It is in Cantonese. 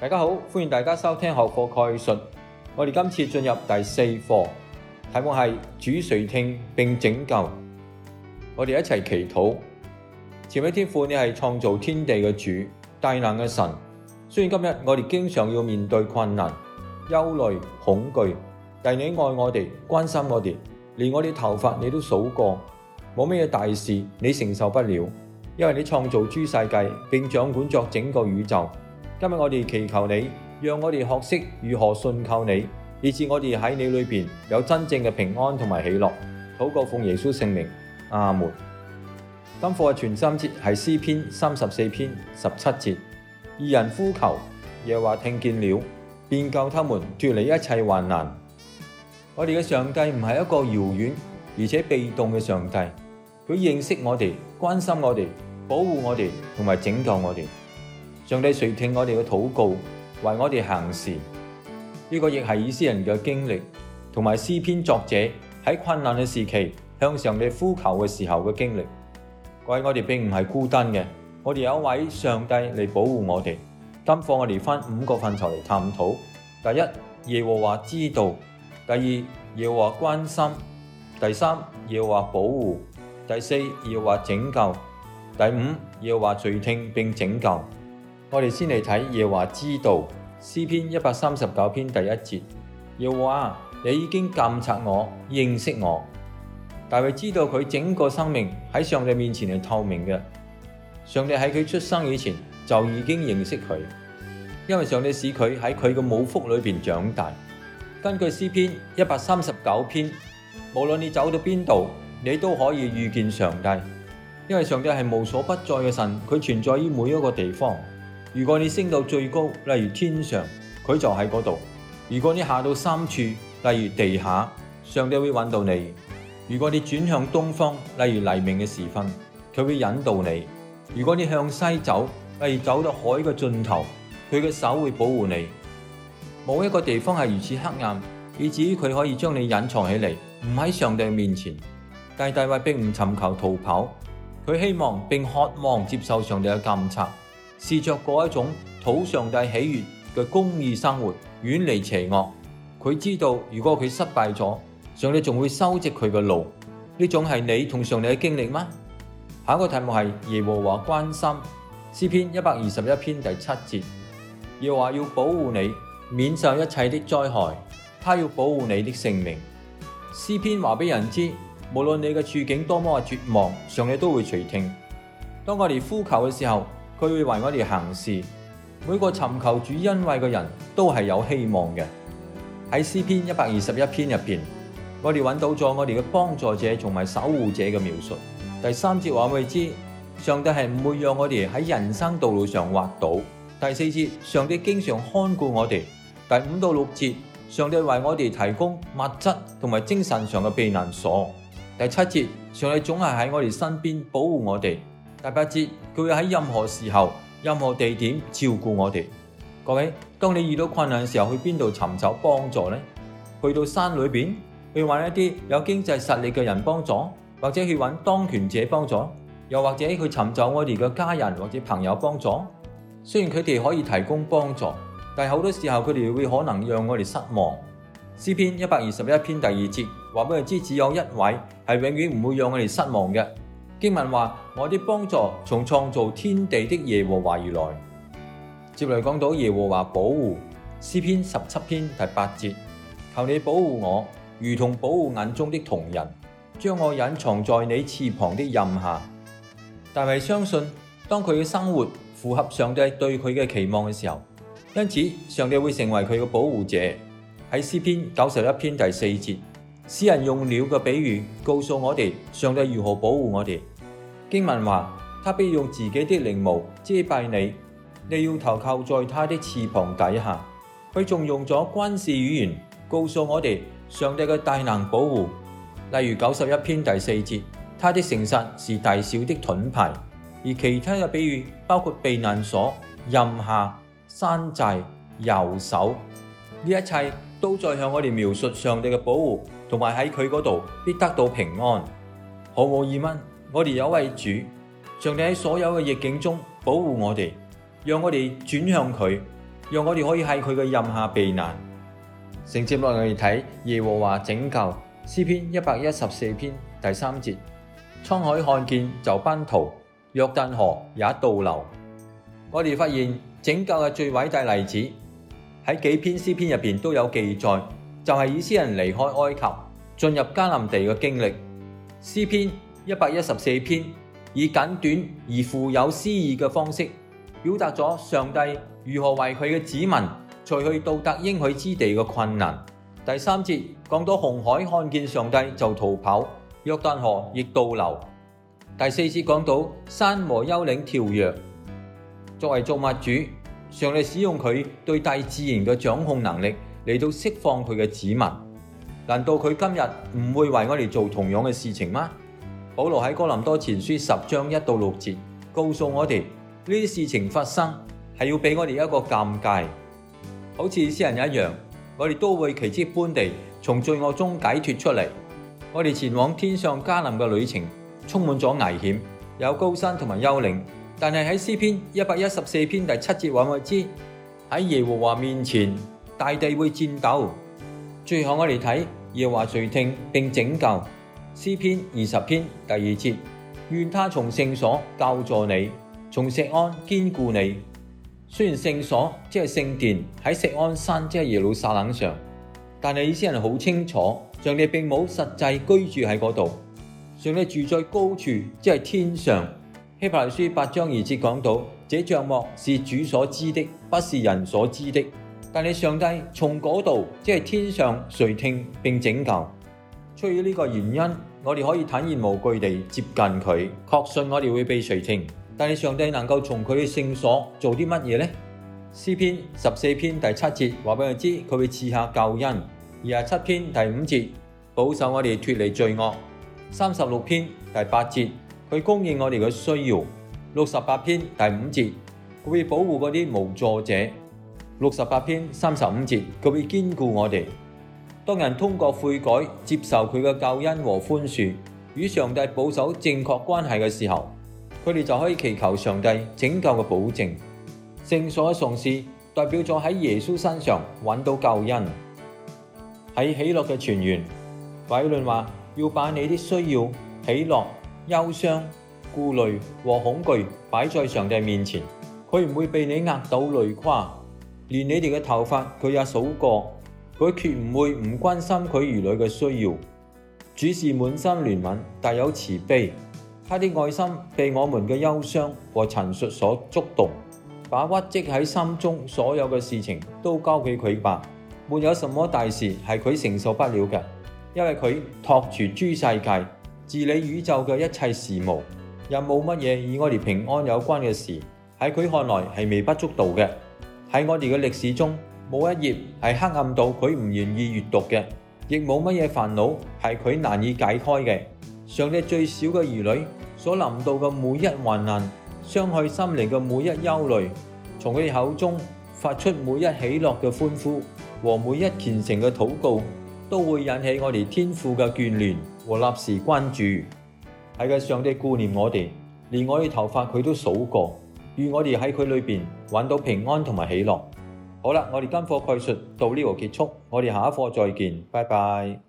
大家好，歡迎大家收聽學課概述。我哋今次進入第四課，題目係主垂聽并拯救。我哋一齊祈禱，慈愛天父，你係創造天地嘅主，大能嘅神。雖然今日我哋經常要面對困難、憂慮、恐懼，但你愛我哋，關心我哋，連我哋頭髮你都數過，冇咩大事你承受不了，因為你創造諸世界，并掌管着整個宇宙。今日我哋祈求你，讓我哋學識如何信靠你，以至我哋喺你裏面有真正嘅平安同埋喜樂。禱告奉耶穌聖名，阿門。今課嘅存心節係詩篇三十四篇十七節，義人呼求，耶和華聽見了，便救他們脫離一切患難。我哋嘅上帝唔係一個遙遠而且被動嘅上帝，佢認識我哋，關心我哋，保護我哋，同埋拯救我哋。上帝垂聽我哋嘅禱告，為我哋行事，呢、這個亦係以色列人嘅經歷，同埋詩篇作者喺困難嘅時期向上帝呼求嘅時候嘅經歷。各位，我哋並唔係孤單嘅，我哋有一位上帝嚟保護我哋。今次我哋分五個範疇嚟探討：第一，耶和華知道；第二，耶和華關心；第三，耶和華保護；第四，耶和華拯救；第五，耶和華垂聽並拯救。我哋先嚟睇耶華知道，詩篇一百三十九篇第一節：耶和華你已經鑒察我，認識我。大衛知道佢整個生命喺上帝面前係透明嘅。上帝喺佢出生以前就已經認識佢，因為上帝使佢喺佢嘅母腹裏面長大。根據詩篇一百三十九篇，無論你走到邊度，你都可以遇見上帝，因為上帝係無所不在嘅神，佢存在於每一個地方。如果你升到最高，例如天上，佢就喺嗰度；如果你下到深處，例如地下，上帝會揾到你。如果你轉向東方，例如黎明嘅時分，佢會引導你。如果你向西走，例如走到海嘅盡頭，佢嘅手會保護你。冇一個地方係如此黑暗，以至於佢可以將你隱藏起嚟，唔喺上帝面前。但大衛並唔尋求逃跑，佢希望並渴望接受上帝嘅監察。試着過一種討上帝喜悅嘅公義生活，遠離邪惡。佢知道如果佢失敗咗，上帝仲會收拾佢嘅路。呢種係你同上帝嘅經歷嗎？下一個題目係耶和華關心，詩篇一百二十一篇第七節，耶和華要保護你，免受一切的災害，他要保護你的性命。詩篇話俾人知，無論你嘅處境多麼絕望，上帝都會垂聽，當我哋呼求嘅時候。佢會為我哋行事，每個尋求主恩惠嘅人都係有希望嘅。喺詩篇一百二十一篇入面，我哋揾到咗我哋嘅幫助者同埋守護者嘅描述。第三節話我哋知，上帝係唔會讓我哋喺人生道路上滑倒。第四節，上帝經常看顧我哋。第五到六節，上帝為我哋提供物質同埋精神上嘅避難所。第七節，上帝總係喺我哋身邊保護我哋。第八節，佢會喺任何時候、任何地點照顧我哋。各位，當你遇到困難嘅時候，去邊度尋找幫助呢？去到山裏面，去搵一啲有經濟實力嘅人幫助，或者去搵當權者幫助，又或者去尋找我哋嘅家人或者朋友幫助。雖然佢哋可以提供幫助，但係好多時候佢哋會可能讓我哋失望。詩篇一百二十一篇第二節話俾你知，只有一位係永遠唔會讓我哋失望嘅。經文話。我的幫助從創造天地的耶和華而來。接嚟講到耶和華保護，詩篇十七篇第八節，求你保護我，如同保護眼中的瞳人，將我隱藏在你翅膀的蔭下。大衛相信，當佢嘅生活符合上帝對佢嘅期望嘅時候，因此上帝會成為佢嘅保護者。喺詩篇九十一篇第四節，詩人用了個比喻，告訴我哋上帝如何保護我哋。經文話，他必用自己的翎毛遮蔽你，你要投靠在他的翅膀底下。佢仲用咗軍事語言告訴我哋，上帝嘅大能保護，例如九十一篇第四節，他的誠實是大小的盾牌。而其他嘅比喻包括避難所、蔭下、山寨、右手，呢一切都在向我哋描述上帝嘅保護，同埋喺佢嗰度必得到平安，毫無疑問。我哋有位主，上帝喺所有嘅逆境中保護我哋，讓我哋轉向佢，讓我哋可以喺佢嘅蔭下避難。承接落嚟，睇耶和華拯救詩篇一百一十四篇第三節：滄海看見就奔逃，約旦河也倒流。我哋發現拯救嘅最偉大例子喺幾篇詩篇入邊都有記載，就係、是、以色列人離開埃及進入迦南地嘅經歷。詩篇。一百一十四篇，以簡短，短而富有詩意嘅方式，表達咗上帝如何為佢嘅子民除去到達應許之地嘅困難。第三節講到紅海看見上帝就逃跑，約旦河亦倒流。第四節講到山和丘陵跳躍，作為造物主，上帝使用佢對大自然嘅掌控能力嚟到釋放佢嘅子民。難道佢今日唔會為我哋做同樣嘅事情嗎？保羅喺哥林多前書十章一到六節，告訴我哋呢啲事情發生係要俾我哋一個鑑戒，好似詩人一樣，我哋都會奇跡般地從罪惡中解脫出嚟。我哋前往天上迦南嘅旅程充滿咗危險，有高山同埋幽靈。但係喺詩篇一百一十四篇第七節話我知，喺耶和華面前大地會顫抖。最後我哋睇耶和華垂聽並拯救。詩篇二十篇第二節，願他從聖所救助你，從石安堅固你。雖然聖所即係聖殿喺石安山，即係耶路撒冷上，但係意思係好清楚，上帝並冇實際居住喺嗰度，上帝住在高處，即係天上。希伯來書八章二節講到，這帳幕是主所知的，不是人所知的。但係上帝從嗰度，即係天上垂聽並拯救。出於呢個原因，我哋可以坦然無懼地接近佢，確信我哋會被垂聽。但係上帝能夠從佢嘅聖所做啲乜嘢呢？詩篇十四篇第七節話俾佢知，佢會賜下救恩；二十七篇第五節保守我哋脫離罪惡；三十六篇第八節佢供應我哋嘅需要；六十八篇第五節佢會保護嗰啲無助者；六十八篇三十五節佢會堅固我哋。當人通過悔改接受佢嘅救恩和寬恕，與上帝保守正確關係嘅時候，佢哋就可以祈求上帝拯救嘅保證。聖所嘅崇事代表咗喺耶穌身上揾到救恩，喺喜樂嘅泉源。雅各論話，要把你的需要、喜樂、憂傷、顧慮和恐懼擺在上帝面前，佢唔會被你壓倒累垮，連你哋嘅頭髮佢也數過。佢絕唔會唔關心佢兒女嘅需要，主是滿心憐憫，大有慈悲。他的愛心被我們嘅憂傷和陳述所觸動，把屈積喺心中所有嘅事情都交俾佢吧。沒有什麼大事係佢承受不了嘅，因為佢托住諸世界，治理宇宙嘅一切事務，又冇乜嘢與我哋平安有關嘅事喺佢看來係微不足道嘅。喺我哋嘅歷史中，冇一頁係黑暗到佢唔願意閲讀嘅，亦冇乜嘢煩惱係佢難以解開嘅。上帝最小嘅兒女所臨到嘅每一患難、傷害心靈嘅每一個憂慮，從佢口中發出每一喜樂嘅歡呼和每一虔誠嘅禱告，都會引起我哋天父嘅眷戀和立時關注。係嘅，上帝顧念我哋，連我哋頭髮佢都數過，願我哋喺佢裏面揾到平安同埋喜樂。好啦，我哋今課概述到呢度結束，我哋下一課再見，拜拜。